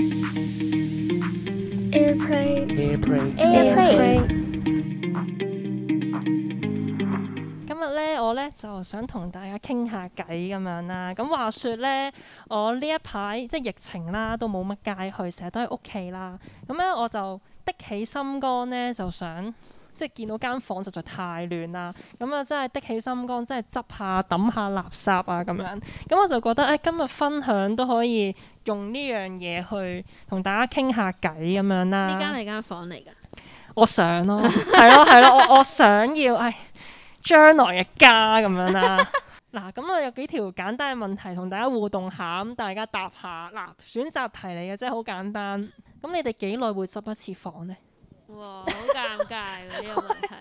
今日咧，我咧就想同大家傾下偈咁樣啦。咁話說咧，我呢一排即係疫情啦，都冇乜街去，成日都喺屋企啦。咁咧，我就的起心肝咧，就想。即係見到間房實在太亂啦，咁啊，真係的起心肝，真係執下，抌下垃圾啊咁樣，咁我就覺得誒、哎、今日分享都可以用呢樣嘢去同大家傾下偈咁樣啦。呢間係間房嚟噶，我想咯，係 咯，係咯，咯，我我想要唉將來嘅家咁樣啦，啊。嗱， 咁我有幾條簡單嘅問題同大家互動下，咁大家答下。嗱，選擇題嚟嘅，即係好簡單。咁你哋幾耐會執一次房咧？哇，好尷尬呢 個問題，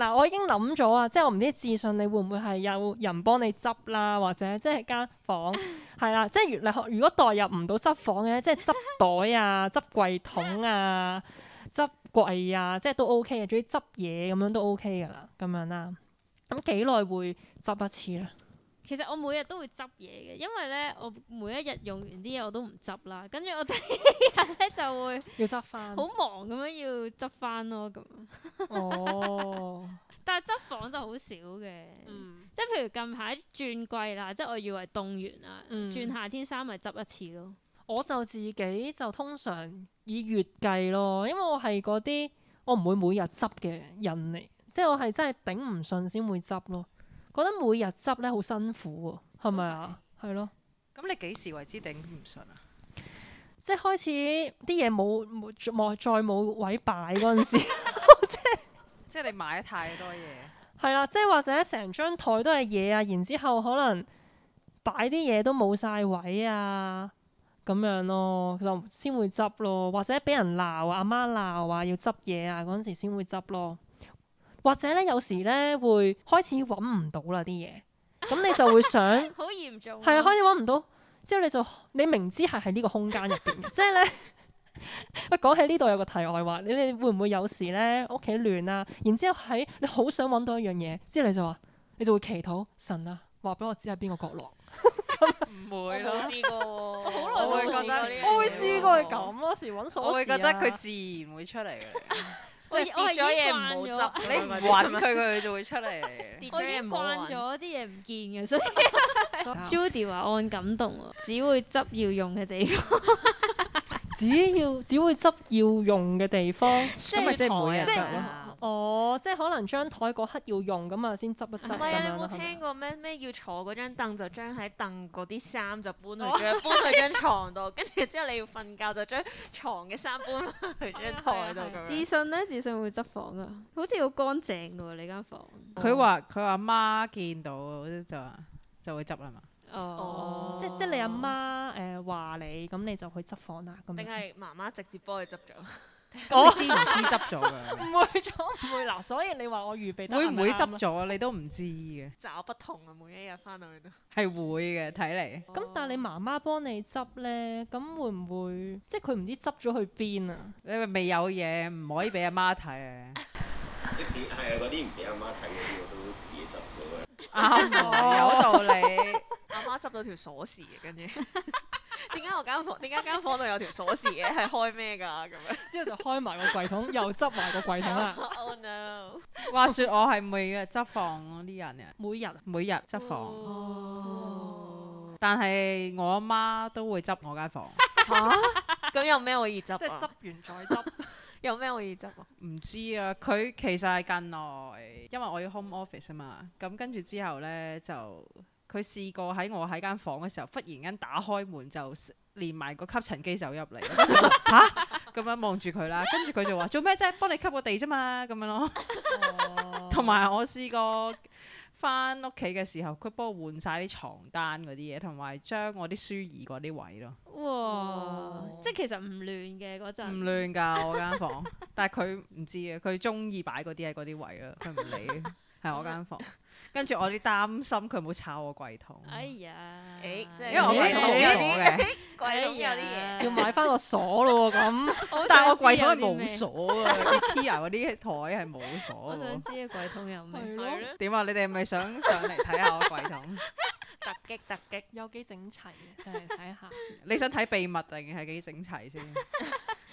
嗱， 我已經諗咗啊，即係我唔知自信你會唔會係有人幫你執啦，或者即係間房係啦，即係原來如果代入唔到執房嘅，即係執袋啊、執櫃桶啊、執櫃啊，即係、啊啊、都 OK 嘅，總之執嘢咁樣都 OK 噶啦，咁樣啦，咁幾耐會執一次咧？其實我每日都會執嘢嘅，因為咧我每一日用完啲嘢我都唔執啦，跟住我啲人咧就會要執返，好忙咁樣要執返咯咁。哦， 但係執房就好少嘅，嗯、即係譬如近排轉季啦，即係我以為凍完啦，嗯、轉夏天衫咪執一次咯。我就自己就通常以月計咯，因為我係嗰啲我唔會每日執嘅人嚟，即係我係真係頂唔順先會執咯。覺得每日執咧好辛苦喎，係咪啊？係咯、oh my 了。咁你幾時為之頂唔順啊？即係開始啲嘢冇冇再冇位擺嗰陣時，即係即係你買得太多嘢。係啦，即係或者成張台都係嘢啊，然之後可能擺啲嘢都冇晒位啊，咁樣咯，就先會執咯。或者俾人鬧啊，阿媽鬧啊，要執嘢啊，嗰陣時先會執咯。或者咧，有時咧會開始揾唔到啦啲嘢，咁 你就會想好 嚴重。係啊，開始揾唔到，之後你就你明知係喺呢個空間入邊，即係咧。喂，講起呢度有個題外話，你哋會唔會有時咧屋企亂啊？然之後喺你好想揾到一樣嘢，之後你就話，你就會祈禱神啊，話俾我知喺邊個角落？唔 會啦，我試過、哦， 我好耐都係覺得，我會試過係咁嗰時揾鎖匙。我會覺得佢自然會出嚟嘅。我我嘢唔慣咗， 你唔揾佢佢就會出嚟。 我已經慣咗啲嘢唔見嘅，所以 Judy 話我感動只會執要用嘅地方， 只要只會執要用嘅地方，咁咪即係是每日執咯。是哦，即係可能張枱嗰刻要用咁嘛，先執一執咁樣咯。唔係啊，有冇聽過咩咩要坐嗰張凳，就將喺凳嗰啲衫就搬去，搬去張床度，跟住之後你要瞓覺就將床嘅衫搬翻去張枱度咁樣。自信咧，自信會執房啊，好似好乾淨嘅喎你間房。佢話佢阿媽見到就話就會執啦嘛。哦，即即係你阿媽誒話你咁你就去執房啦，咁定係媽媽直接幫佢執咗？知唔知執咗嘅，唔 它會咗唔會嗱，所以你話我預備得唔會唔會執咗？每每錯你都唔知嘅，就不同啊！每一日翻到去都係會嘅，睇嚟。咁、嗯、但係你媽媽幫你執咧，咁會唔會即係佢唔知執咗去邊啊？你咪未有嘢，唔可以俾阿媽睇啊！ 即使係啊，嗰啲唔俾阿媽睇嘅嘢我都自己執咗啊！啱有道理，阿 媽執到條鎖匙跟住。 點解我間房？點解間房度有條鎖匙嘅？係開咩噶咁樣？之後就開埋個櫃桶，又執埋個櫃桶啦。Oh no！話說我係每日執房嗰啲人啊，每日每日執房。哦。但係我阿媽都會執我間房。吓，咁有咩可以執啊？即係執完再執，有咩可以執啊？唔知啊，佢其實係近耐，因為我要 home office 啊嘛。咁跟住之後咧就。佢試過喺我喺間房嘅時候，忽然間打開門就連埋個吸塵機走入嚟，嚇咁、 啊、樣望住佢啦。跟住佢就話： 做咩啫？幫你吸個地啫嘛。咁樣咯。同埋、哦、我試過翻屋企嘅時候，佢幫我換晒啲床單嗰啲嘢，同埋將我啲書移嗰啲位咯。哇！哦、即係其實唔亂嘅嗰陣，唔 亂㗎我間房。但係佢唔知呀，佢中意擺嗰啲喺嗰啲位咯，佢唔理。係我間房。 跟住我啲擔心佢冇抄我櫃桶。哎呀，誒，因為我啲櫃桶冇鎖嘅，櫃桶有啲嘢要買翻個鎖咯咁。但係我櫃桶係冇鎖啊，Tia 啲台係冇鎖嘅。想知櫃桶有咩？點啊？你哋係咪想上嚟睇下我櫃桶？突擊突擊，有幾整齊？上嚟睇下。你想睇秘密定係幾整齊先？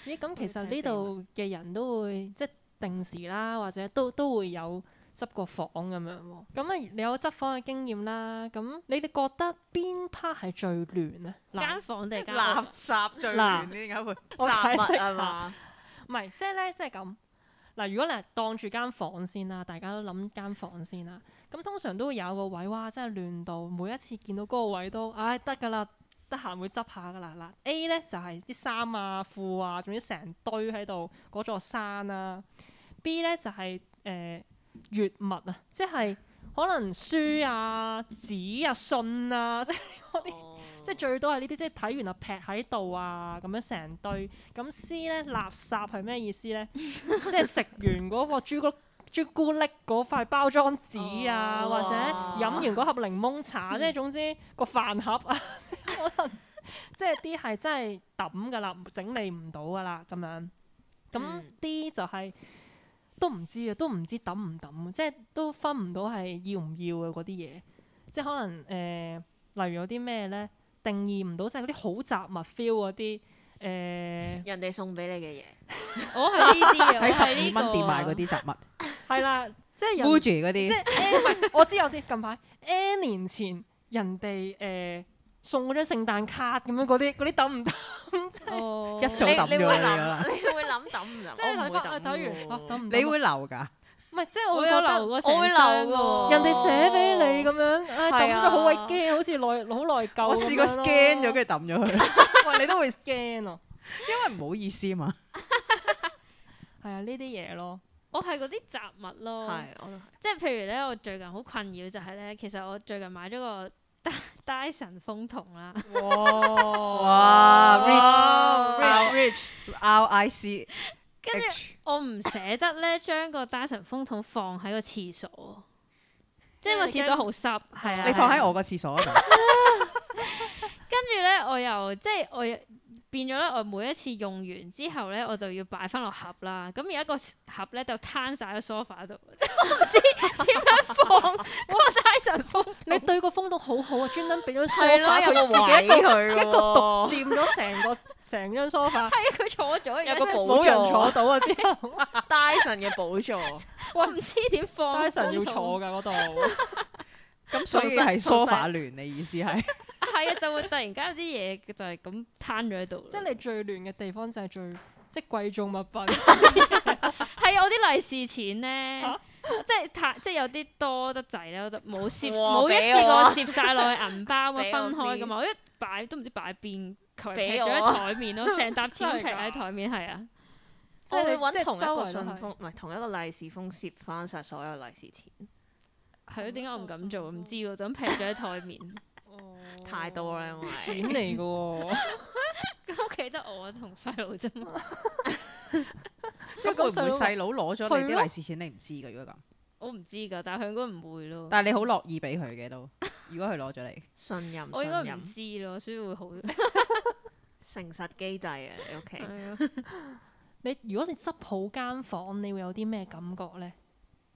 咦，咁其實呢度嘅人都會即係定時啦，或者都都會有。執個房咁樣喎，咁啊你有執房嘅經驗啦。咁你哋覺得邊 part 係最亂咧？間房定係間屋？垃圾最亂？ 點解會雜物啊唔係， 即係咧，即係咁。嗱，如果你係當住間房先啦，大家都諗間房先啦。咁通常都會有個位，哇，真係亂到每一次見到嗰個位都，唉、哎，得㗎啦，得閒會執下㗎啦。嗱，A 咧就係啲衫啊、褲啊，總之成堆喺度嗰座山啦、啊。B 咧就係、是、誒。呃閱物啊，即係可能書啊、紙啊、信啊，即係啲、oh.，即係最多係呢啲，即係睇完啊，劈喺度啊，咁樣成堆。咁 C 呢，垃圾係咩意思呢？ 即係食完嗰個朱古朱古力嗰塊包裝紙啊，oh. 或者飲完嗰盒檸檬茶，即係、oh. 總之個飯盒啊，可能 即係啲係真係抌噶啦，整理唔到噶啦，咁樣。咁啲就係、是。都唔知啊，都唔知抌唔抌，即係都分唔到係要唔要嘅嗰啲嘢，即係可能誒、呃，例如有啲咩咧，定義唔到，即係嗰啲好雜物 feel 嗰啲誒，呃、人哋送俾你嘅嘢是， 我係呢啲啊，喺十二蚊店買嗰啲雜物，係啦，即係，Woolgum 嗰啲，即係我知我知，近排 N 年前人哋誒。呃送嗰張聖誕卡咁樣嗰啲，嗰啲抌唔抌？一早抌咗你你會諗抌唔抌？我抌唔。你會留噶？唔係，即係我會覺得我會留噶。人哋寫俾你咁樣，唉，抌咗好鬼驚，好似耐，好內疚。我試過 Scan 咗佢抌咗佢，喂，你都會 Scan 咯，因為唔好意思嘛。係啊，呢啲嘢咯，我係嗰啲雜物咯，係我即係譬如咧，我最近好困擾就係咧，其實我最近買咗個。戴戴神風筒啦，哇， 哇 rich, r, rich, r i c h r i c h r i c 跟住，我唔捨得咧，將個戴神風筒放喺個廁所，即係個廁所好濕，係啊，你放喺我個廁所度 。跟住咧我又即係我又。即我又變咗咧，我每一次用完之後咧，我就要擺翻落盒啦。咁而有一個盒咧就攤晒喺 sofa 度，我 唔知點樣放。我戴森風筒，你對個風筒好好啊，專登俾咗 sofa 又唔俾佢，一個獨 佔咗成個成張 sofa。係啊， 佢坐咗有個寶座冇人坐到啊，之後戴森嘅寶座。我唔知點放。戴森要坐㗎嗰度。 咁所以係梳化 f 亂，你意思係？係啊，就會突然間有啲嘢，就係咁攤咗喺度。即係你最亂嘅地方就係最即係貴重物品。係我啲利是錢咧，即係即係有啲多得滯咧，冇攝，冇一次過攝曬落去銀包啊，分開噶嘛？我一擺都唔知擺邊，企咗喺台面咯，成沓錢企喺台面係啊。即係揾同一個信封，唔係同一個利是封，攝翻晒所有利是錢。係咯，點解我唔敢做？唔知喎，就咁劈咗喺台面。哦，太多啦，因為錢嚟噶。咁屋企得我同細佬啫嘛。即係會唔會細佬攞咗你啲利是錢？你唔知噶，如果咁。我唔知噶，但係佢應該唔會咯。但係你好樂意俾佢嘅都，如果佢攞咗你。信任，我應該唔知咯，所以會好誠實機制啊！你屋企。你如果你執好間房，你會有啲咩感覺咧？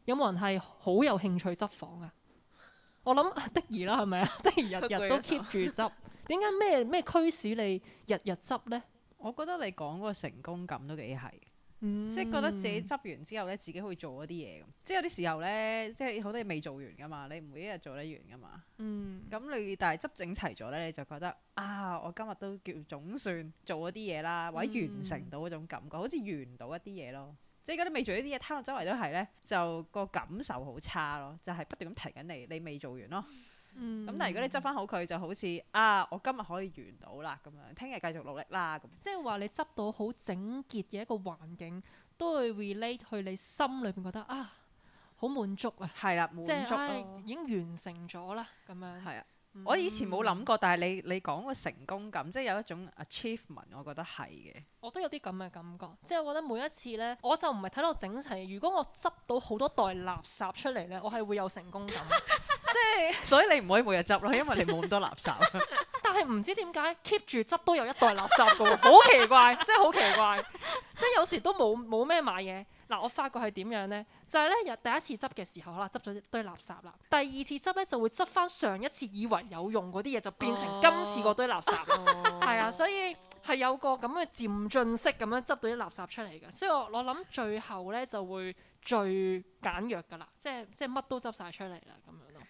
有冇人係好有興趣執房啊？ 我諗的而啦，係咪啊？的而日日都 keep 住執，點解咩咩驅使你日日執呢？我覺得你講嗰個成功感都幾係，嗯、即係覺得自己執完之後咧，自己可以做一啲嘢。即係有啲時候呢，即係好多嘢未做完噶嘛，你唔會一日做得完噶嘛。嗯，咁你但係執整齊咗呢，你就覺得啊，我今日都叫總算做咗啲嘢啦，或者完成到嗰種感覺，嗯、好似完唔到一啲嘢咯。即係而家都未做呢啲嘢，攤落周圍都係咧，就個感受好差咯，就係、是、不斷咁提緊你，你未做完咯。咁、嗯、但係如果你執翻好佢，就好似啊，我今日可以完到啦，咁樣，聽日繼續努力啦，咁。即係話你執到好整潔嘅一個環境，都會 relate 去你心裏邊覺得啊，好滿足啊。係啦、啊，滿足咯、啊。已經完成咗啦，咁樣。係啊。我以前冇諗過，但係你你講個成功感，即係有一種 achievement，我覺得係嘅。我都有啲咁嘅感覺，即係我覺得每一次呢，我就唔係睇到整齊。如果我執到好多袋垃圾出嚟呢，我係會有成功感。 即係是所以你唔可以每日執咯，因為你冇咁多垃圾。 但係唔知點解 keep 住執都有一袋垃圾嘅，好奇怪，真係好奇怪，即係有時都冇冇咩買嘢。嗱，我發覺係點樣呢？就係呢，第一次執嘅時候，可能執咗一堆垃圾啦。第二次執呢就會執翻上一次以為有用嗰啲嘢，就變成今次嗰堆垃圾咯。係啊，所以係有個咁嘅漸進式咁樣執到啲垃圾出嚟嘅。所以我我諗最後呢就會最簡約噶啦，即係即係乜都執晒出嚟啦，咁樣咯。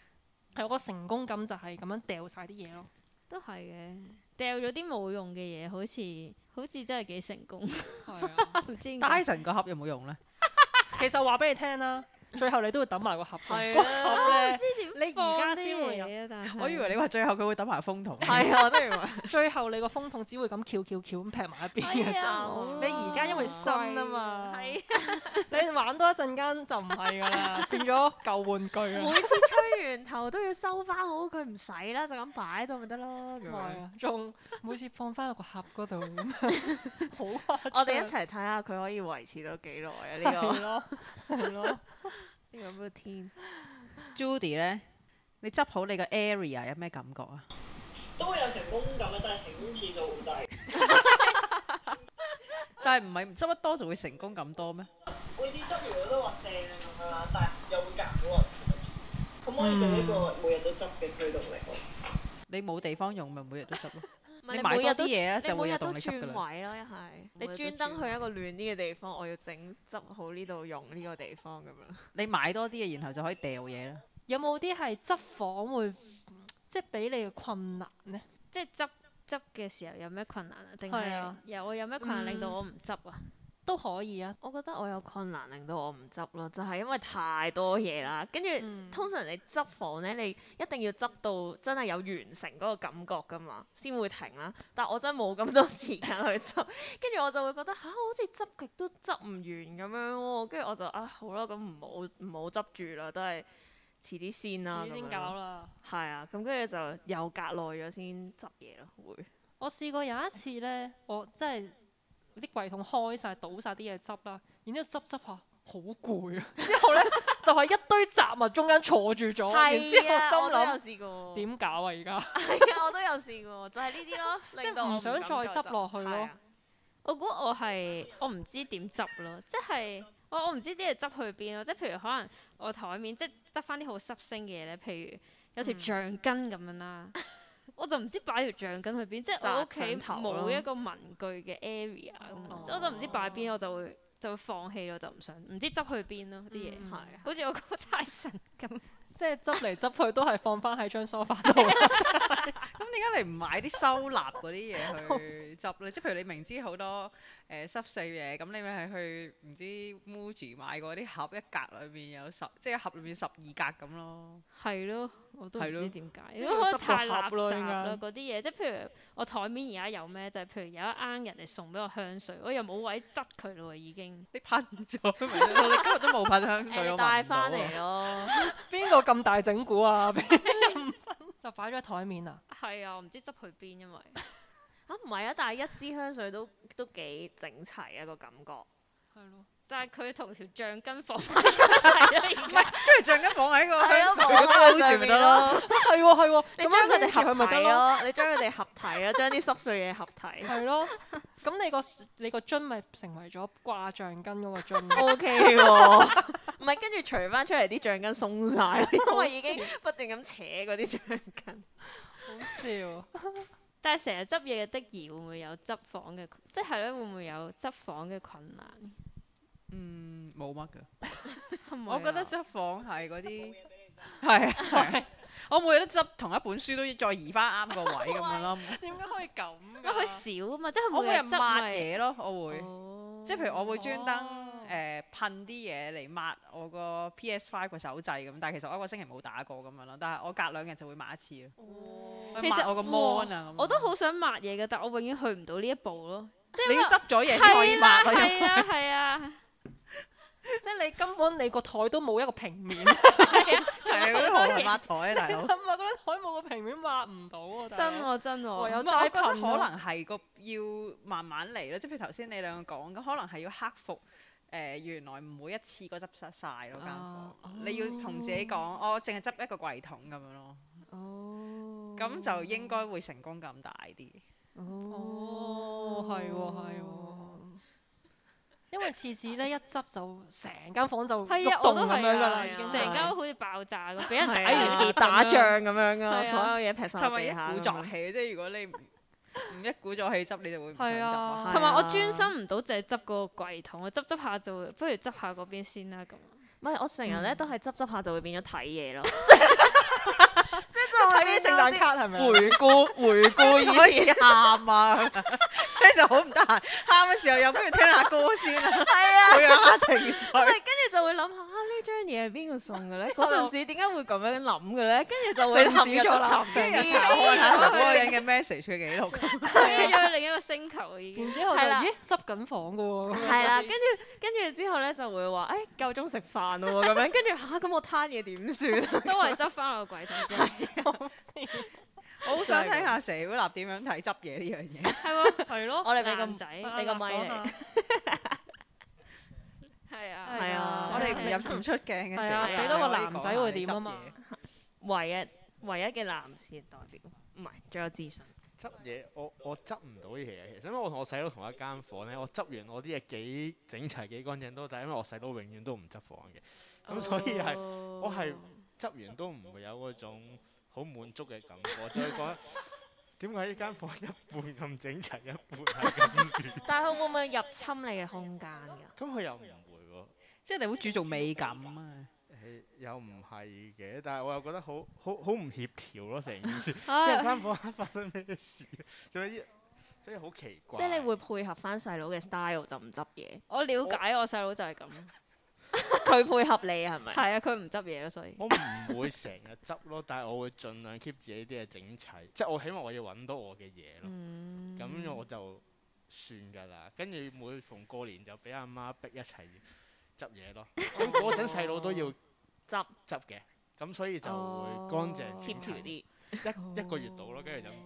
係我個成功感就係咁樣掉晒啲嘢咯。都係嘅，掉咗啲冇用嘅嘢，好似～好似真係幾成功，唔係、啊、 知，Dyson 個盒有冇用咧？ 其實話俾你聽啦。最後你都會揼埋個盒，個之前，你而家先會入。但係我以為你話最後佢會揼埋風筒。係啊，我都以為。最後你個風筒只會咁翹翹翹咁劈埋一邊嘅啫。你而家因為新啊嘛，你玩多一陣間就唔係㗎啦，變咗舊玩具啦。每次吹完頭都要收翻好，佢唔使啦，就咁擺喺度咪得咯。仲每次放翻落個盒嗰度，好誇張。我哋一齊睇下佢可以維持到幾耐啊！呢個咯，係咯。個 Judy，呢個咩天，Judy 咧，你執好你個 area 有咩感覺啊？都會有成功感啊，但係成功次數好低。 但係唔係執得多就會成功咁多咩？每次執完我都話正啊咁啊，但係又會夾到我。咁可以對呢個每日都執嘅推動力好。嗯、你冇地方用咪每日都執咯。 你買多啲嘢咧，你每就日你每日都轉位咯，一係你專登去一個暖啲嘅地方，我要整執好呢度用呢個地方咁樣。你買多啲嘢，然後就可以掉嘢啦。有冇啲係執房會即係俾你困難呢？即係執執嘅時候有咩困難啊？定係有我有咩困難令到我唔執啊？嗯都可以啊，我覺得我有困難令到我唔執咯，就係、是、因為太多嘢啦。跟住、嗯、通常你執房咧，你一定要執到真係有完成嗰個感覺噶嘛，先會停啦。但我真係冇咁多時間去執，跟 住我就會覺得嚇、啊，好似執極都執唔完咁樣喎、哦。跟住我就啊好啦，咁唔好唔好執住啦，都係遲啲先啦。遲啲先搞啦。係啊，咁跟住就又隔耐咗先執嘢咯。會，我試過有一次呢，我真係。 啲櫃桶開晒，倒晒啲嘢，執啦，然後下、啊、 之後執執吓，好攰啊！之後咧就係、是、一堆雜物中間坐住咗， 然之後心諗點搞啊？而家係啊，我都有試過，就係呢啲咯，即係唔想再執落去咯。我估我係我唔知點執咯，即係我我唔知啲嘢執去邊咯。即係譬如可能我台面即係得翻啲好濕星嘅嘢咧，譬如有條橡筋咁樣啦。嗯我就唔知擺條橡筋去邊，即係我屋企冇一個文具嘅 area 咁，即我就唔知擺邊，我就會就放棄咯，就唔想唔知執去邊咯啲嘢，好似我個泰臣咁，即係執嚟執去都係放翻喺張梳化度，咁點解你唔買啲收納嗰啲嘢去執咧？ 即係譬如你明知好多。誒濕碎嘢，咁你咪係去唔知 Muji 買嗰啲盒一格裏邊有十，即係盒裏邊十二格咁咯。係咯，我都唔知點解。因為太盒圾嗰啲嘢，即係譬如我台面而家有咩？就係譬如有一啱人嚟送俾我香水，我又冇位執佢咯，已經。你噴咗，你今日都冇噴香水，我聞唔到。我帶翻嚟咯。邊個咁大整蠱啊？就擺咗喺台面啊？係啊，我唔知執去邊因為。唔係啊！但係一支香水都都幾整齊啊個感覺。係咯。但係佢同條橡筋放埋一齊啦。唔係，即係橡筋放喺個香水嗰度，得咯。係喎係喎。你將佢哋合體咯，你將佢哋合體啊，將啲濕碎嘢合體。係咯。咁你個你個樽咪成為咗掛橡筋嗰個樽？OK 唔係，跟住除翻出嚟啲橡筋鬆晒啦，因為已經不斷咁扯嗰啲橡筋。好笑。但係成日執嘢嘅的兒會唔會有執房嘅即係咧，會唔會有執房嘅困難？嗯，冇乜㗎。 我覺得執房係嗰啲係我每日都執同一本書，都要再移翻啱個位咁樣咯。點解 可以咁？因為佢少啊嘛，即係我每日執嘢咯，是我會，即係譬如我會專登。誒噴啲嘢嚟抹我個 PS Five 個手掣咁，但係其實我一個星期冇打過咁樣咯。但係我隔兩日就會抹一次咯。其實我個 m o 我都好想抹嘢嘅，但我永遠去唔到呢一步咯。即係你執咗嘢先可以抹啊。係啊係啊！即係你根本你個台都冇一個平面，成個台抹台啊大佬。唔係嗰啲台冇個平面抹唔到真我真我。唔係，我得可能係個要慢慢嚟咯。即譬如頭先你兩講咁，可能係要克服。誒原來唔會一次過執失曬嗰間房，你要同自己講，我淨係執一個櫃桶咁樣咯。哦，咁就應該會成功咁大啲。哦，係喎，係喎。因為次次咧一執就成間房就轟動咁樣噶啦，成間好似爆炸咁，俾人打完就打仗咁樣啊，所有嘢劈曬地下，一鼓作氣即係如果你。唔一估咗氣執你就會唔想執，同埋、啊啊、我專心唔到淨係執個櫃桶，執執下就會不如執下嗰邊先啦咁。唔係我成日咧都係執執下就會變咗睇嘢咯，即係睇啲聖誕卡係咪？ 回顧回顧開始喊啊，跟住就好唔得閒。喊嘅時候又不如聽，聽下歌先啦、啊，好養下情緒。跟住就會諗下。張嘢係邊個送嘅咧？嗰陣時點解會咁樣諗嘅咧？跟住就會潛咗沉上嘅。嗰個人嘅 message 嘅記錄。飛咗去另一個星球已經。然之後就咦執緊房嘅喎。係啦，跟住跟住之後咧就會話：誒夠鐘食飯啦喎咁樣。跟住吓，咁我攤嘢點算？都係執翻落櫃底。我好想睇下蛇會立點樣睇執嘢呢樣嘢。係喎，係咯。我哋俾個仔俾個咪嚟。係啊，我哋入唔出鏡嘅時候，俾多個男仔會點啊嘛？唯一唯一嘅男士代表，唔係，仲有資訊。執嘢，我我執唔到呢嘢。其實因為我同我細佬同一間房咧，我執完我啲嘢幾整齊、幾乾淨都，但係因為我細佬永遠都唔執房嘅，咁所以係我係執完都唔會有嗰種好滿足嘅感覺。所以覺得點解呢間房一半咁整齊，一半係咁亂？但係佢會唔會入侵你嘅空間㗎？咁佢又唔？即係你好注重美感啊、哎，又唔係嘅，但係我又覺得好好好唔協調咯，成件事即係 間房發生咩事？仲有啲所以好奇怪。即係你會配合翻細佬嘅 style 就唔執嘢。我了解我細佬就係咁，佢我 配合你係咪？係啊，佢唔執嘢咯，所以。我唔會成日執咯， 但係我會盡量 keep 自己啲嘢整齊。即係我希望我要揾到我嘅嘢咯，咁、嗯、我就算㗎啦。跟住每逢過年就俾阿媽，媽逼一齊。執嘢咯，咁嗰陣細佬都要執執嘅，咁所以就會乾淨啲，一一個月到咯，跟住就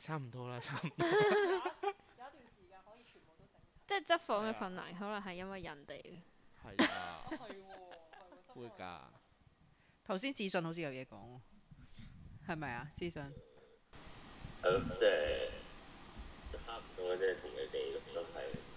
差唔多啦，差唔多。有一段時間可以全部都整齊。即係執房嘅困難，可能係因為人哋係啊，會㗎。頭先志信好似有嘢講，係咪啊？志信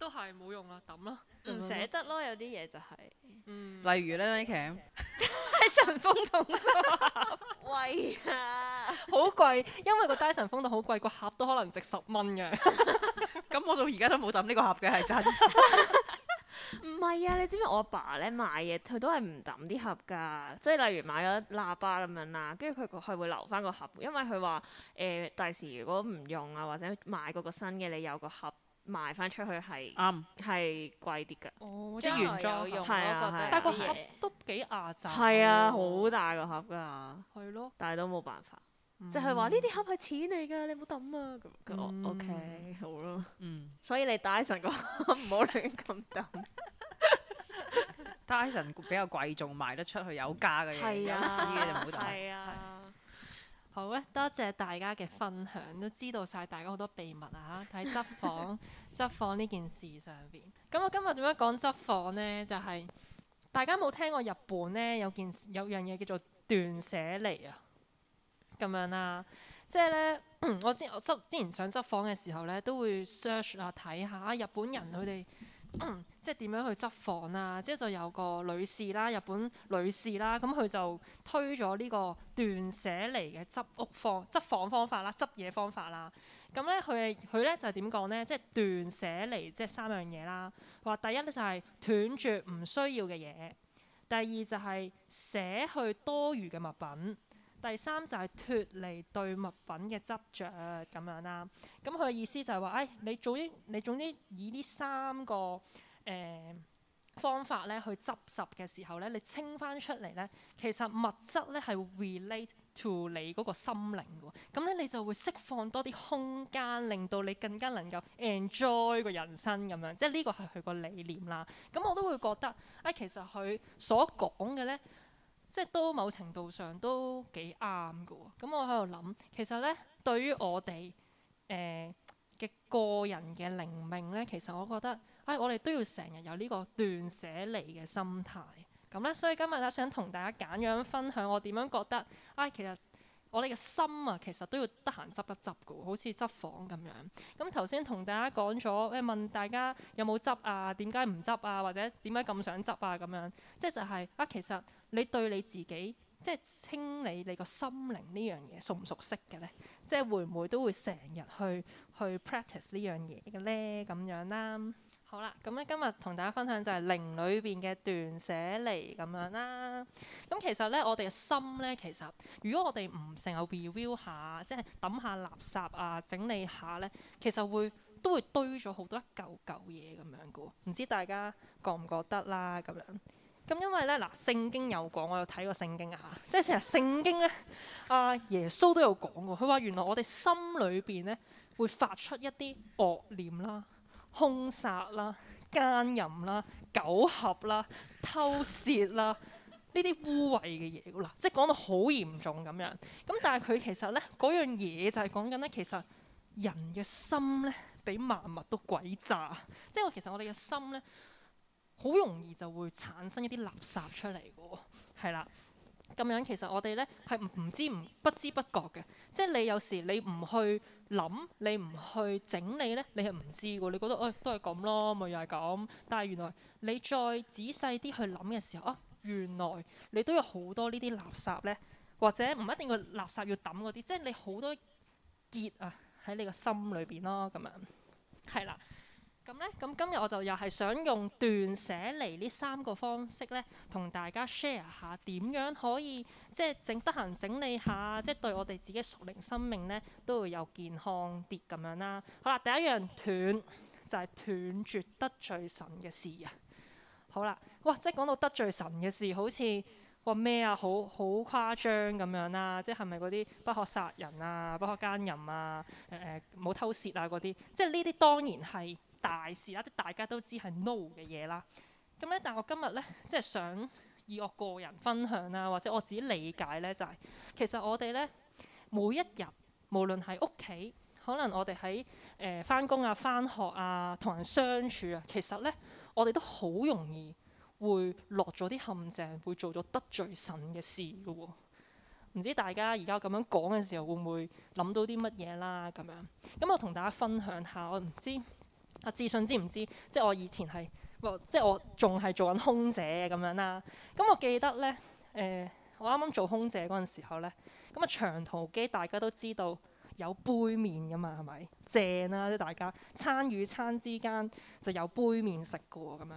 都係冇用啦，抌咯，唔、嗯、捨得咯，有啲嘢就係、是，嗯，例如咧呢件 Dyson 風筒，貴啊，好貴，因為個 Dyson 風筒好貴，個盒都可能值十蚊嘅，咁 我到而家都冇抌呢個盒嘅，係真，唔係 啊，你知唔知我阿爸咧買嘢，佢都係唔抌啲盒噶，即係例如買咗喇叭咁樣啦，跟住佢佢會留翻個盒，因為佢話誒第時如果唔用啊，或者買個個新嘅，你有個盒。賣翻出去係啱，係貴啲㗎。哦，即原裝用啊，但係個盒都幾亞雜。係啊，好大個盒㗎。係咯。但係都冇辦法，即係話呢啲盒係錢嚟㗎，你唔好抌啊！咁。O K，好咯。嗯。所以你戴森個盒唔好亂咁抌。戴森比較貴重，賣得出去有價嘅嘢，有市嘅就唔好抌。係啊。好咧，多謝大家嘅分享，都知道晒大家好多秘密啊！嚇，喺執房 執房呢件事上邊，咁我今日點樣講執房呢？就係、是、大家冇聽過日本呢，有件有樣嘢叫做斷捨離啊，咁樣啦、啊。即、就、係、是、呢，我之前我執之前想執房嘅時候呢，都會 search 下睇下日本人佢哋。嗯嗯、即係點樣去執房啊？即係就有個女士啦，日本女士啦，咁、嗯、佢就推咗呢個斷捨離嘅執屋方執房方法啦，執嘢方法啦。咁、嗯、咧，佢係佢咧就係點講咧？即係斷捨離，即係三樣嘢啦。話第一咧就係斷絕唔需要嘅嘢，第二就係捨去多餘嘅物品。第三就係脫離對物品嘅執着。咁樣啦。咁佢嘅意思就係話，誒，你總之你總之以呢三個誒方法咧去執拾嘅時候咧，你清翻出嚟咧，其實物質咧係 relate to 你嗰個心靈㗎喎。咁咧你就會釋放多啲空間，令到你更加能夠 enjoy 個人生咁樣。即係呢個係佢個理念啦。咁我都會覺得，誒，其實佢所講嘅咧。即係都某程度上都幾啱㗎喎，咁我喺度諗，其實呢對於我哋誒嘅個人嘅靈命呢，其實我覺得，哎，我哋都要成日有呢個斷捨離嘅心態，咁呢，所以今日呢，想同大家簡單分享我點樣覺得，哎，其實。我哋嘅心啊，其實都要得閒執一執㗎，好似執房咁樣。咁頭先同大家講咗，誒問大家有冇執啊？點解唔執啊？或者點解咁想執啊？咁樣即係就係啊，其實你對你自己即係清理你個心靈呢樣嘢熟唔熟悉嘅咧？即係會唔會都會成日去去 practice 呢樣嘢嘅咧？咁樣啦。好啦，咁、嗯、咧今日同大家分享就係靈裏邊嘅斷捨離咁樣啦。咁其實咧，我哋嘅心咧，其實，其實如果我哋唔成日 review 下，即係抌下垃圾啊，整理下咧，其實會都會堆咗好多一嚿嚿嘢咁樣噶喎。唔知大家覺唔覺得啦？咁樣咁、嗯、因為咧嗱，聖經有講，我有睇過聖經啊嚇，即係成日聖經咧，阿、啊、耶穌都有講過，佢話原來我哋心裏邊咧會發出一啲惡念啦。兇殺啦、奸淫啦、苟合啦、偷竊啦，呢啲污穢嘅嘢嗱，即係講到好嚴重咁樣。咁但係佢其實咧，嗰樣嘢就係講緊咧，其實人嘅心咧，比萬物都詭詐。即係我其實我哋嘅心咧，好容易就會產生一啲垃圾出嚟嘅喎，係啦。咁樣其實我哋咧係唔知唔不，不知不覺嘅，即係你有時你唔去諗，你唔去整理咧，你係唔知喎。你覺得誒、哎、都係咁咯，咪又係咁。但係原來你再仔細啲去諗嘅時候，啊原來你都有好多呢啲垃圾咧，或者唔一定個垃圾要抌嗰啲，即係你好多結啊喺你個心裏面咯，咁樣係啦。咁咧，咁、嗯、今日我就又係想用斷捨離呢三個方式咧，同大家 share 下點樣可以即係整得閒整理下，即係對我哋自己熟齡生命咧都會有健康啲咁樣啦。好啦，第一樣斷就係、是、斷絕得罪神嘅事啊。好啦，哇，即係講到得罪神嘅事，好似話咩啊，好好誇張咁樣啦。即係咪嗰啲不可殺人啊，不可奸淫啊，誒誒冇偷竊啊嗰啲？即係呢啲當然係。大事啦，即係大家都知係 no 嘅嘢啦。咁咧，但我今日咧，即係想以我個人分享啦，或者我自己理解咧，就係、是、其實我哋咧每一日，無論喺屋企，可能我哋喺誒翻工啊、翻學啊、同人相處啊，其實咧我哋都好容易會落咗啲陷阱，會做咗得罪神嘅事嘅喎、哦。唔知大家而家咁樣講嘅時候，會唔會諗到啲乜嘢啦？咁樣咁，我同大家分享下，我唔知。啊，志信知唔知？即係我以前係，即係我仲係做緊空姐咁樣啦、啊。咁我記得呢，誒、呃，我啱啱做空姐嗰陣時候呢，咁啊長途機大家都知道有杯麪噶嘛，係咪正啦、啊？即係大家餐與餐之間就有杯麪食噶咁樣。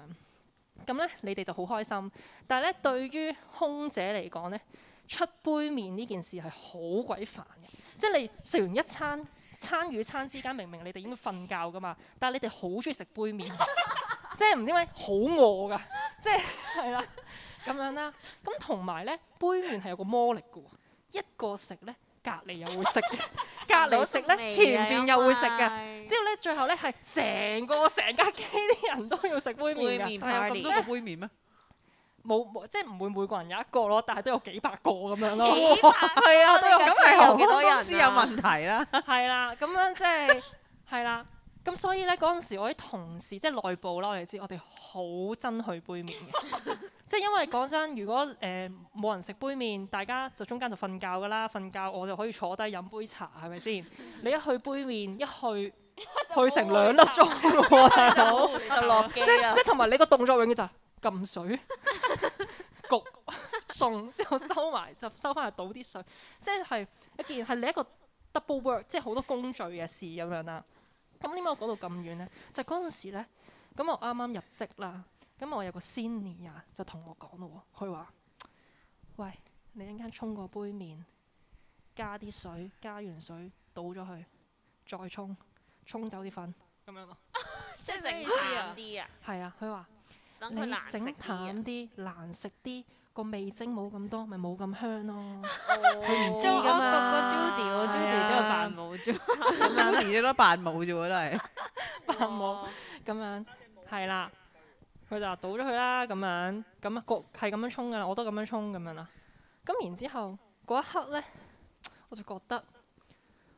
咁呢，你哋就好開心。但係呢，對於空姐嚟講呢，出杯麪呢件事係好鬼煩嘅。即係你食完一餐。餐與餐之間，明明你哋應該瞓覺噶嘛，但係你哋好中意食杯麪， 即係唔知咩？好餓噶，即係係啦，咁樣啦。咁同埋咧，杯麪係有個魔力嘅喎，一個食咧，隔離又會食，隔離食咧，前邊又會食嘅，之後咧，最後咧，係成個成架機啲人都要食杯麪嘅，咁麵多個杯麪咩？ 冇即係唔會每個人有一個咯，但係都有幾百個咁樣咯，係啊，都有咁係好多公司有問題啦。係啦，咁樣即係係啦，咁所以咧，嗰陣時我啲同事即係內部啦，我哋知我哋好憎去杯麪，即係因為講真，如果誒冇人食杯麪，大家就中間就瞓覺噶啦，瞓覺我就可以坐低飲杯茶，係咪先？你一去杯麪一去，去成兩粒鐘喎大佬，即即同埋你個動作永遠就。撳按水 焗 送之後收埋就收翻去倒啲水，即係一件係你一個 double work，即係好多工序嘅事咁樣啦。咁點解我講到咁遠咧？就嗰、是、陣時咧，咁我啱啱入職啦，咁我有個 senior 就同我講咯，佢話：喂，你陣間沖個杯麵，加啲水，加完水倒咗去，再沖，沖走啲粉，咁樣咯， 即係整啲啊，係 啊，佢話。你整淡啲、難食啲，個味精冇咁多，咪冇咁香咯、啊哦嗯哎哦。我焗過 Judy，Judy 都扮冇啫。然之後都扮冇啫喎，都係扮冇。咁樣，係啦。佢就倒咗佢啦，咁樣咁啊，個係咁樣沖噶啦，我都咁樣沖咁樣啦。咁然之後嗰一刻咧，我就覺得，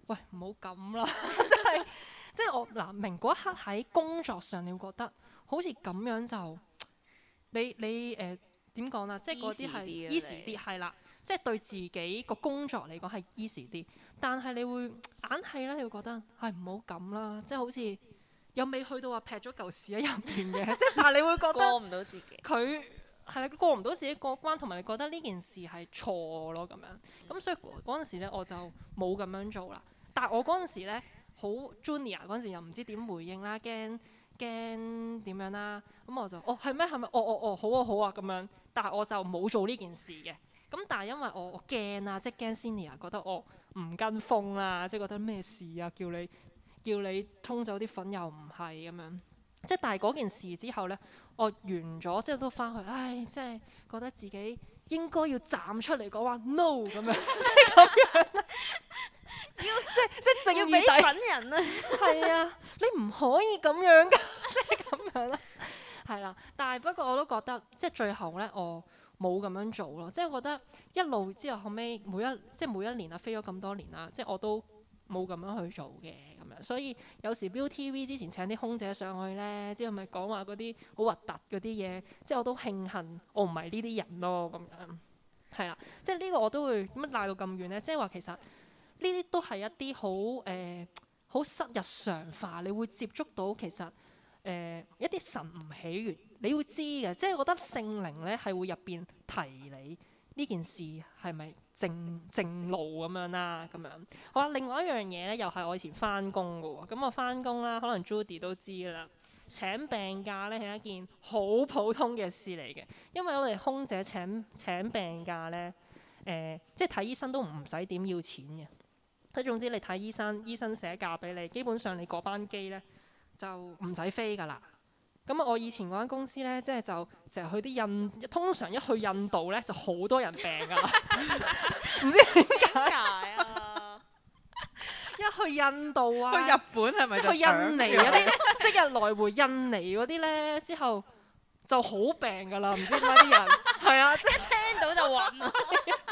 喂，唔好咁啦，即係即係我難明嗰一刻喺工作上，你覺得好似咁樣就～你你誒、呃、點講啦你？即係嗰啲係 easy 啲，係啦，即係對自己個工作嚟講係 easy 啲。但係你會硬係咧，你會覺得係唔好咁啦，即係好似又未去到話劈咗嚿屎喺入邊嘅。即係 但係你會覺得過唔到自己。佢係啦，過唔到自己過關，同埋你覺得呢件事係錯咯咁樣。咁、嗯、所以嗰陣時咧，我就冇咁樣做啦。但係我嗰陣時咧，好 junior 嗰陣時又唔知點回應啦，驚。驚點樣啦、啊？咁我就哦係咩係咪？哦哦哦，哦好啊好啊咁樣。但係我就冇做呢件事嘅。咁但係因為我我驚啊，即係驚 Senior 覺得我唔跟風啦、啊，即係覺得咩事啊？叫你叫你通走啲粉又唔係咁樣。即係但係嗰件事之後呢，我完咗之後都翻去，唉，即係覺得自己應該要站出嚟講話 no 咁樣，即係咁樣。要即 即淨要俾蠢人啊！係啊，你唔可以咁樣噶，即係咁樣啦，係 啦。但係不過我都覺得，即係最後咧，我冇咁樣做咯。即係我覺得一路之後後尾每一即係每一年啊飛咗咁多年啦，即係我都冇咁樣去做嘅咁樣。所以有時 ViuTV 之前請啲空姐上去咧，即係咪講話嗰啲好核突嗰啲嘢，即係我都慶幸我唔係呢啲人咯咁樣。係 啦，即係呢個我都會乜賴到咁遠咧，即係話其實。呢啲都係一啲好誒，好、呃、失日常化。你會接觸到其實誒、呃、一啲神唔喜悅。你會知嘅。即係覺得聖靈咧係會入邊提你呢件事係咪正正路咁樣啦、啊，咁樣。好啦，另外一樣嘢咧又係我以前返工嘅喎。咁我返工啦，可能 Judy 都知㗎啦。請病假咧係一件好普通嘅事嚟嘅，因為我哋空姐請請病假咧誒、呃，即係睇醫生都唔使點要錢嘅。即係總之你睇醫生，醫生寫假俾你，基本上你嗰班機咧就唔使飛噶啦。咁啊，我以前嗰間公司咧，即係就成日去啲印，通常一去印度咧就好多人病噶啦，唔 知點解啊！一去印度啊，去日本係咪？去印尼嗰啲，即日 來回印尼嗰啲咧，之後就好病噶啦，唔知點解啲人係 啊，即係一聽到就暈啊！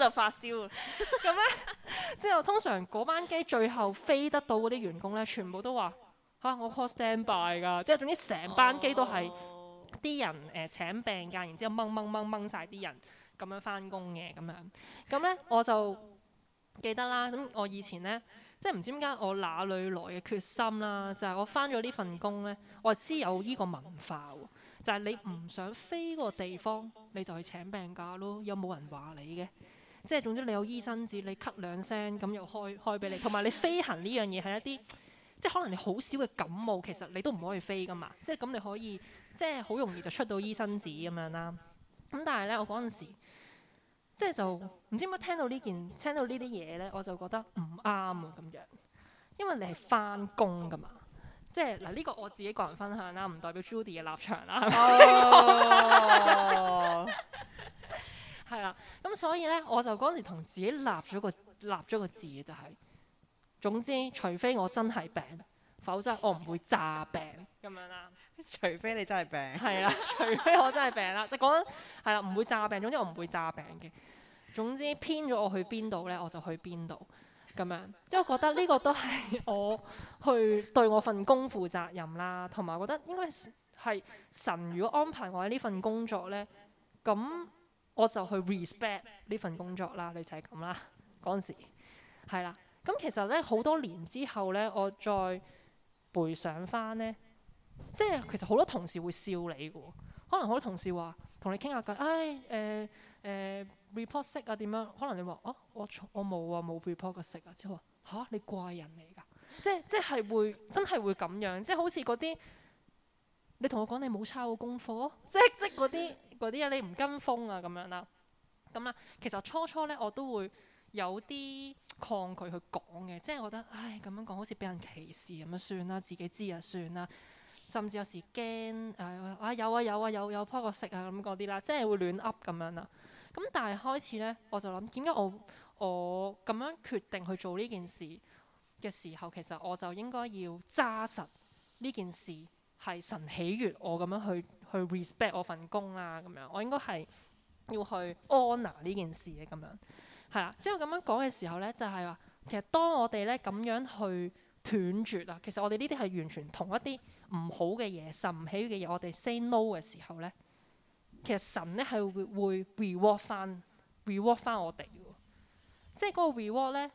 就發燒咁咧，之後 通常嗰班機最後飛得到嗰啲員工咧，全部都話嚇、啊、我 call standby 㗎，即係總之成班機都係啲、oh. 人誒、呃、請病假，然之後掹掹掹掹曬啲人咁樣翻工嘅咁樣咁咧，我就記得啦。咁我以前咧即係唔知點解我哪裏來嘅決心啦，就係、是、我翻咗呢份工咧，我知有呢個文化，就係、是、你唔想飛嗰個地方，你就去請病假咯，有冇人話你嘅？即係總之你有醫生紙，你咳兩聲咁又開開俾你，同埋你飛行呢樣嘢係一啲，即係可能你好少嘅感冒，其實你都唔可以飛噶嘛。即係咁你可以，即係好容易就出到醫生紙咁樣啦。咁但係咧，我嗰陣時即係就唔知點解聽到呢件、聽到呢啲嘢咧，我就覺得唔啱啊咁樣，因為你係返工噶嘛。即係嗱呢個我自己個人分享啦、啊，唔代表 Judy 嘅立場啦。係啦，咁所以咧，我就嗰陣時同自己立咗個立咗個字就係、是，總之除非我真係病，否則我唔會詐病咁樣啦。除非你真係病，係啦，除非我真係病啦， 就講緊係啦，唔會詐病。總之我唔會詐病嘅。總之編咗我去邊度咧，我就去邊度咁樣。即係我覺得呢個都係我去對我份工負責任啦，同埋我覺得應該係神如果安排我喺呢份工作咧，咁。我就去 respect 呢份工作啦，你就係咁啦。嗰陣時係啦，咁其實咧好多年之後咧，我再回想翻咧，即係其實好多同事會笑你嘅喎。可能好多同事話同你傾下偈，唉誒誒 report sick 啊點樣？可能你話啊，我我冇啊，冇 report 嘅 sick 啊，之後話吓、啊，你怪人嚟㗎，即係即係會真係會咁樣，即係好似嗰啲。你同我講你冇抄過功課，即係即嗰啲嗰啲啊，你唔跟風啊，咁樣啦，咁啦。其實初初咧，我都會有啲抗拒去講嘅，即係我覺得唉，咁樣講好似俾人歧視咁樣算啦，自己知啊算啦。甚至有時驚誒，啊、哎、有啊有啊有啊有科個食啊咁嗰啲啦，即係、就是、會亂 up 咁樣啦。咁但係開始咧，我就諗，點解我我咁樣決定去做呢件事嘅時候，其實我就應該要揸實呢件事。係神喜悅我咁樣去去 respect 我份工啦、啊，咁樣我應該係要去 honour 呢件事嘅咁樣，係啦。即我咁樣講嘅時候咧，就係、係、話其實當我哋咧咁樣去斷絕啊，其實我哋呢啲係完全同一啲唔好嘅嘢、神唔喜悅嘅嘢，我哋 say no 嘅時候咧，其實神咧係會 reward 翻、reward 翻 re 我哋嘅。即嗰個 reward 咧，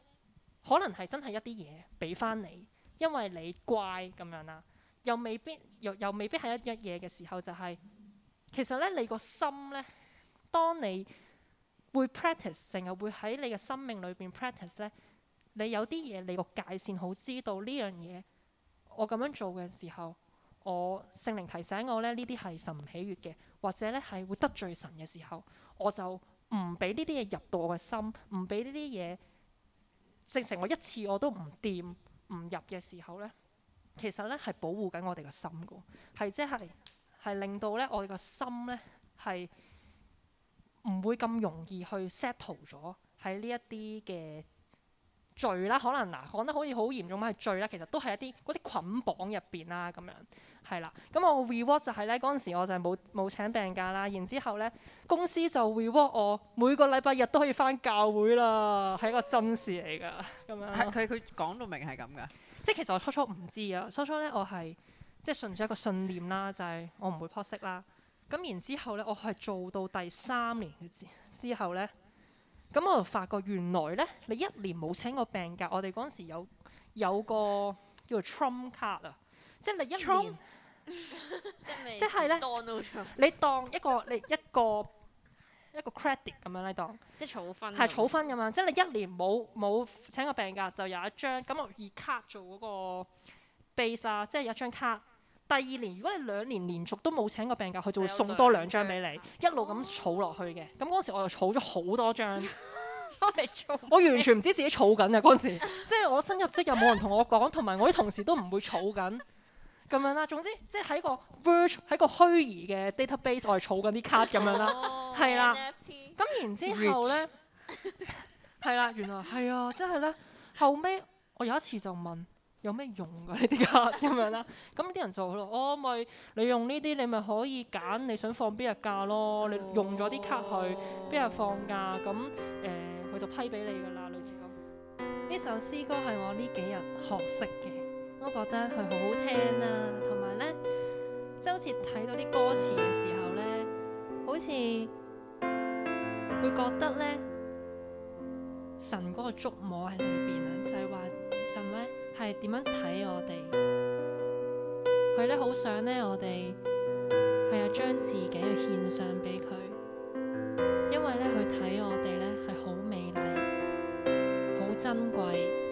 可能係真係一啲嘢俾翻你，因為你乖咁樣啦。又未必又又未必係一樣嘢嘅時候，就是，就係其實咧，你個心咧，當你會 practice，成日會喺你嘅生命裏邊 practice 咧，你有啲嘢，你個界線好知道呢樣嘢，我咁樣做嘅時候，我聖靈提醒我咧，呢啲係神唔喜悅嘅，或者咧係會得罪神嘅時候，我就唔俾呢啲嘢入到我嘅心，唔俾呢啲嘢，整成我一次我都唔掂唔入嘅時候咧。其實咧係保護緊我哋個心嘅，係即係係令到咧我哋個心咧係唔會咁容易去 settle 咗喺呢一啲嘅罪啦。可能嗱講、啊、得好似好嚴重咁係罪啦，其實都係一啲嗰啲捆綁入邊啦咁樣。係啦，咁我 reward 就係咧，嗰陣時我就係冇冇請病假啦。然之後咧，公司就 reward 我每個禮拜日都可以翻教會啦，係一個真事嚟噶。咁樣，佢佢講到明係咁噶。即係其實我初初唔知啊，初初咧我係即係順住一個信念啦，就係、是、我唔會 post 啦。咁然之後咧，我係做到第三年之之後咧，咁我就發覺原來咧，你一年冇請過病假，我哋嗰陣時有有個叫做 Trump 卡啊，即係你一年。 即係是咧， 你當一個你一個 一個 credit 咁樣咧當，即係儲分，係儲分咁樣。即係 你一年冇冇請過病假就有一張，咁我以卡做嗰個 base 啊，即係有張卡。第二年如果你兩年連續都冇請過病假，佢就會送多兩張俾你， 一路咁儲落去嘅。咁嗰時我就儲咗好多張， 我完全唔知自己儲緊啊！嗰時 即係我新入職又冇人同我講，同埋 我啲同事都唔會儲緊。咁樣啦，總之即係喺個 virtual 喺個虛擬嘅 database 我係儲緊啲 card 咁樣啦，係啦，咁然之後咧，係啦，原來係啊，即係咧後尾我有一次就問有咩用㗎呢啲卡咁樣啦，咁啲人就話：哦咪你用呢啲你咪可以揀你想放邊日假咯，你用咗啲 card 去邊日放假，咁誒佢就批俾你㗎啦，類似咁。呢首詩歌係我呢幾日學識嘅。我都覺得佢好好聽啊。同埋咧，即係好似睇到啲歌詞嘅時候咧，好似會覺得咧，神嗰個觸摸喺裏邊啊，就係話神咧係點樣睇我哋，佢咧好想咧我哋係啊將自己嘅獻上俾佢，因為咧佢睇我哋咧係好美麗、好珍貴。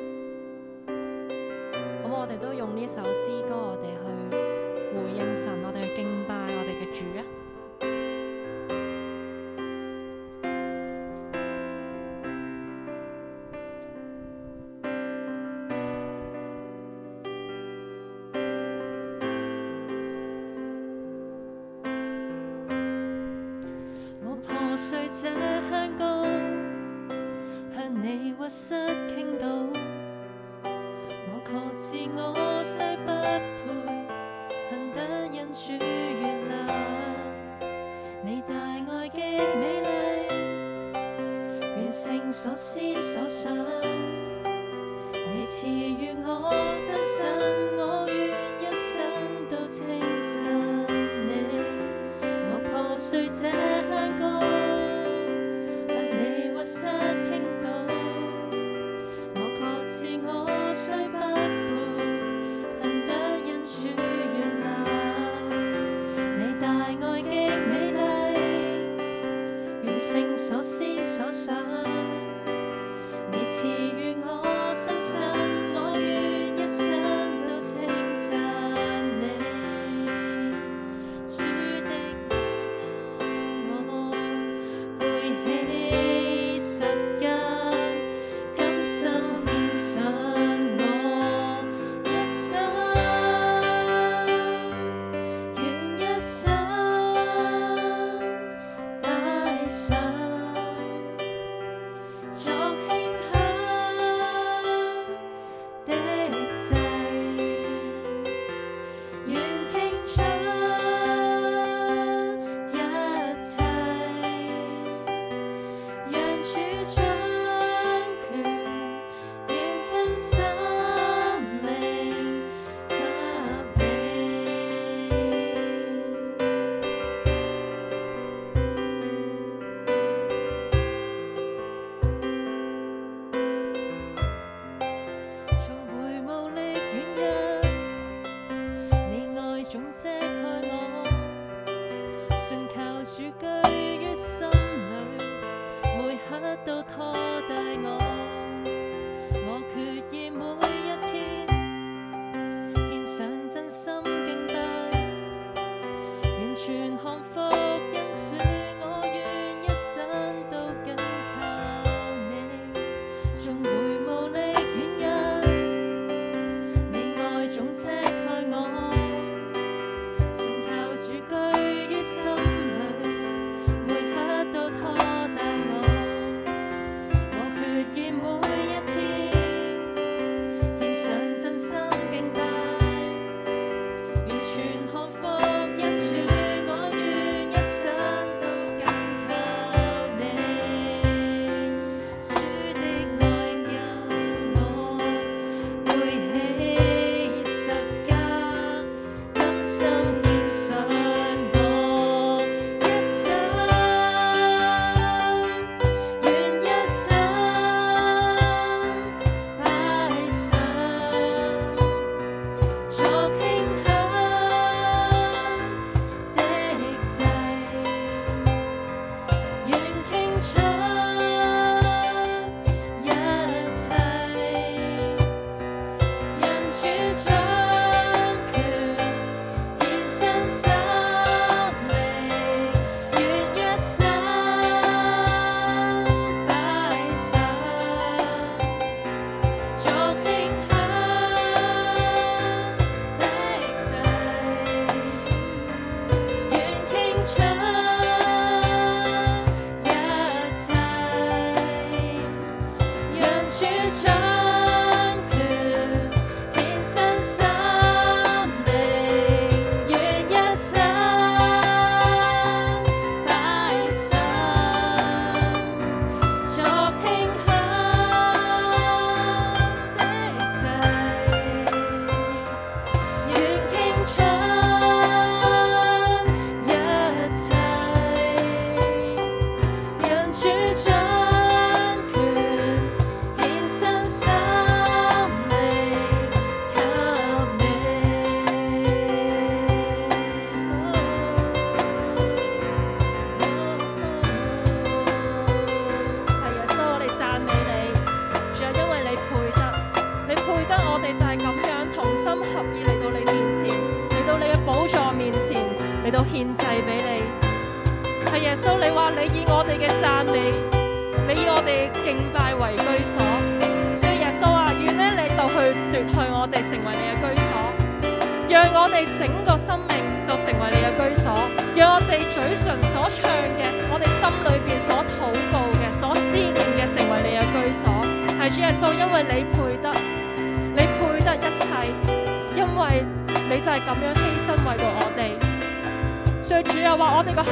都用呢首詩歌，我哋去回應神，我哋去敬拜我哋嘅主啊！得到拖帶我。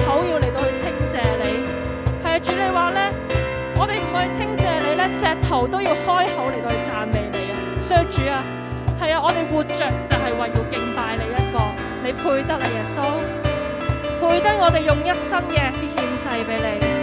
口要嚟到去稱謝你，係啊，主你話咧，我哋唔去稱謝你咧，石頭都要開口嚟到去讚美你啊！所以主啊，係啊，我哋活着就係為要敬拜你一個，你配得啊耶穌，配得我哋用一生嘅獻祭俾你。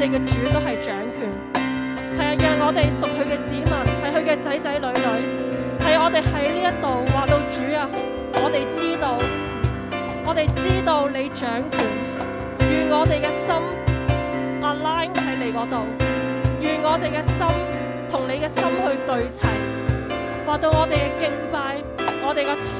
我哋嘅主都係掌權，係啊，讓我哋屬佢嘅子民，係佢嘅仔仔女女，係我哋喺呢一度話到主啊，我哋知道，我哋知道你掌權，願我哋嘅心 align 喺你度，願我哋嘅心同你嘅心去對齊，話到我哋嘅敬拜，我哋嘅。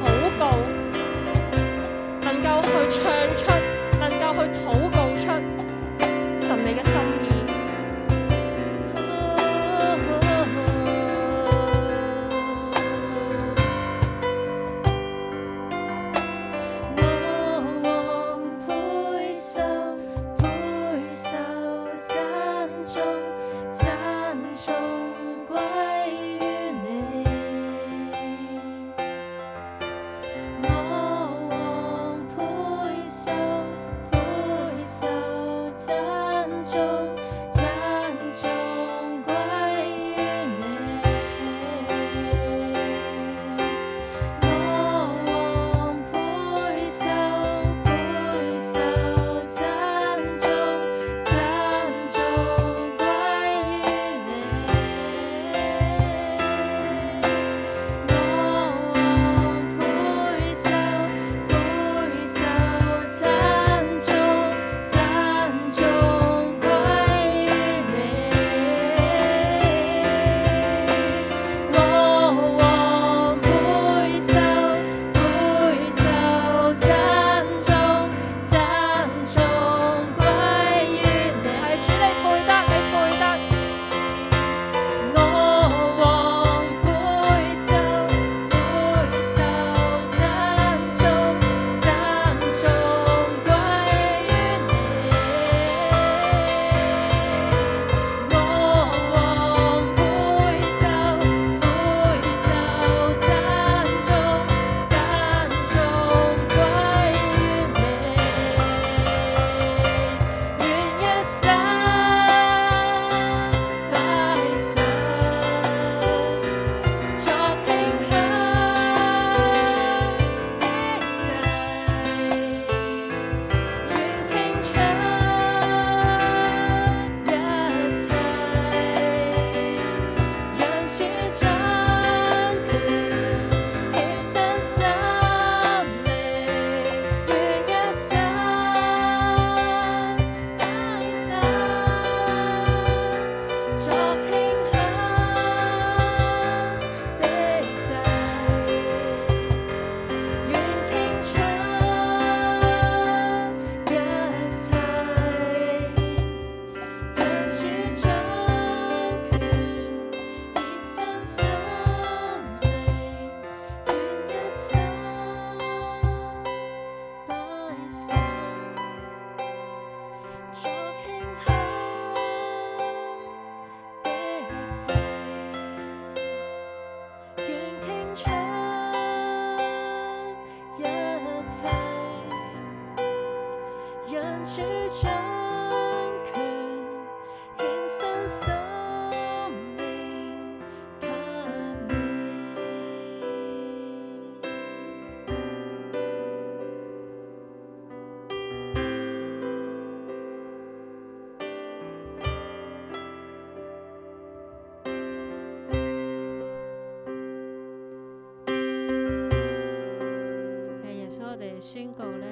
所以我哋宣告咧，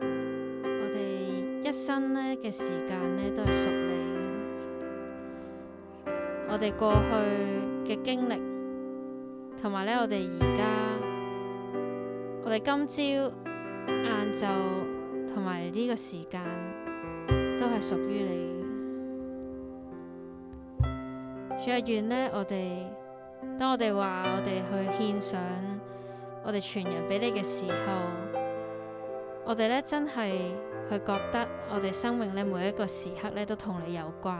我哋一生咧嘅時間咧都係屬於你。我哋過去嘅經歷，同埋咧我哋而家，我哋今朝晏晝同埋呢個時間都係屬於你。主啊，願呢，我哋當我哋話我哋去獻上我哋全人俾你嘅時候。我哋咧真係去覺得，我哋生命咧每一個時刻咧都同你有關，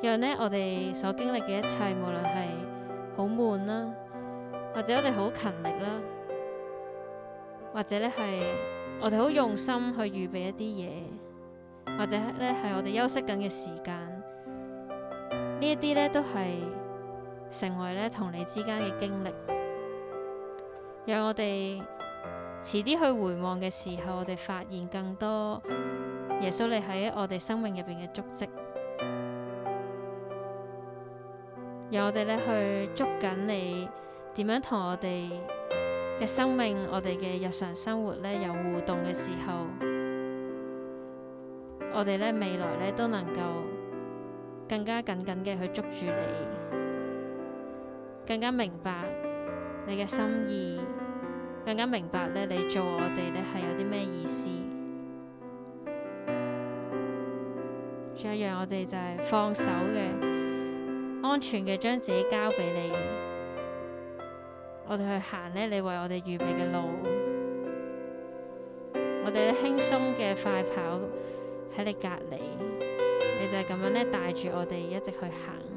讓呢我哋所經歷嘅一切，無論係好悶啦，或者我哋好勤力啦，或者咧係我哋好用心去預備一啲嘢，或者咧係我哋休息緊嘅時間，呢一啲咧都係成為咧同你之間嘅經歷，讓我哋。遲啲去回望嘅時候，我哋發現更多耶穌你喺我哋生命入邊嘅足跡，讓我哋咧去捉緊你點樣同我哋嘅生命、我哋嘅日常生活咧有互動嘅時候，我哋咧未來咧都能夠更加緊緊嘅去捉住你，更加明白你嘅心意。更加明白咧，你做我哋咧係有啲咩意思？仲一樣，我哋就係放手嘅、安全嘅，將自己交俾你。我哋去行呢，你為我哋預備嘅路，我哋咧輕鬆嘅快跑喺你隔離，你就係咁樣咧帶住我哋一直去行。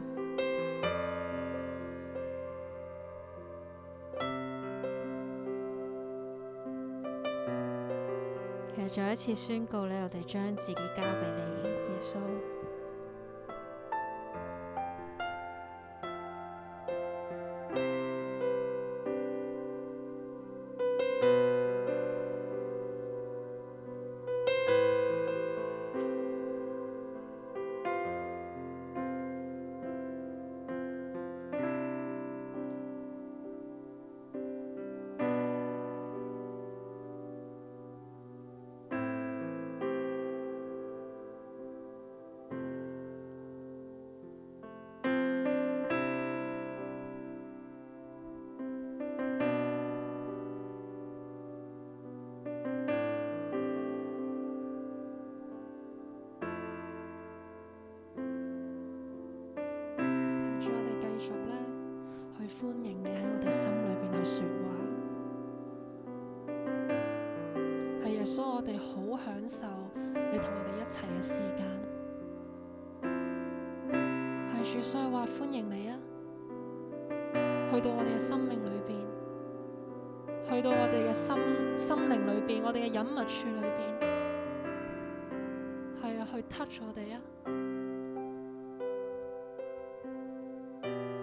再一次宣告咧，我哋將自己交俾你，耶穌。你啊！去到我哋嘅生命裏邊，去到我哋嘅心心靈裏邊，我哋嘅隱密處裏邊，係、啊、去 touch 我哋啊！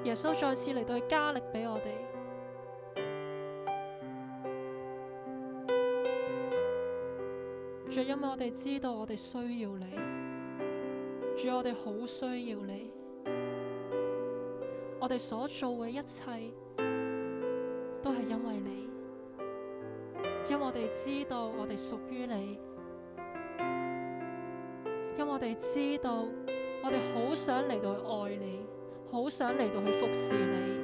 耶穌再次嚟到去加力俾我哋，主因為我哋知道我哋需要你，主要我哋好需要你。我哋所做嘅一切，都係因為你。因為我哋知道我哋屬於你，因為我哋知道我哋好想嚟到愛你，好想嚟到去服侍你。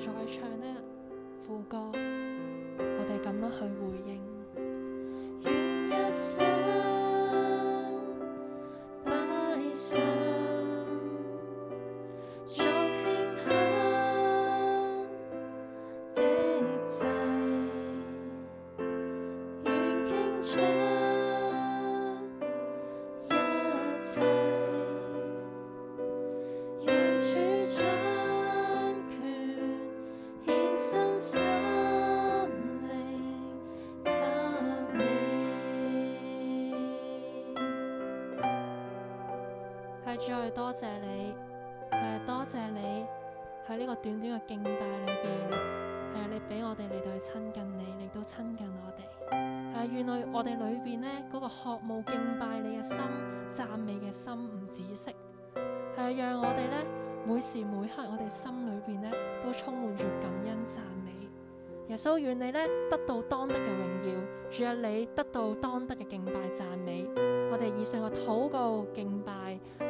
再唱呢副歌，我哋咁樣去回應。再多謝你，係、啊、多謝你喺呢個短短嘅敬拜裏邊，係、啊、你俾我哋嚟到去親近你，你都親近我哋。係、啊、原來我哋裏邊呢嗰、那個渴慕敬拜你嘅心、讚美嘅心唔止息，係、啊、讓我哋呢每時每刻我哋心裏邊呢都充滿住感恩讚美。耶穌願你呢得到當得嘅榮耀，主啊，你得到當得嘅敬拜讚美。我哋以上嘅禱告敬拜。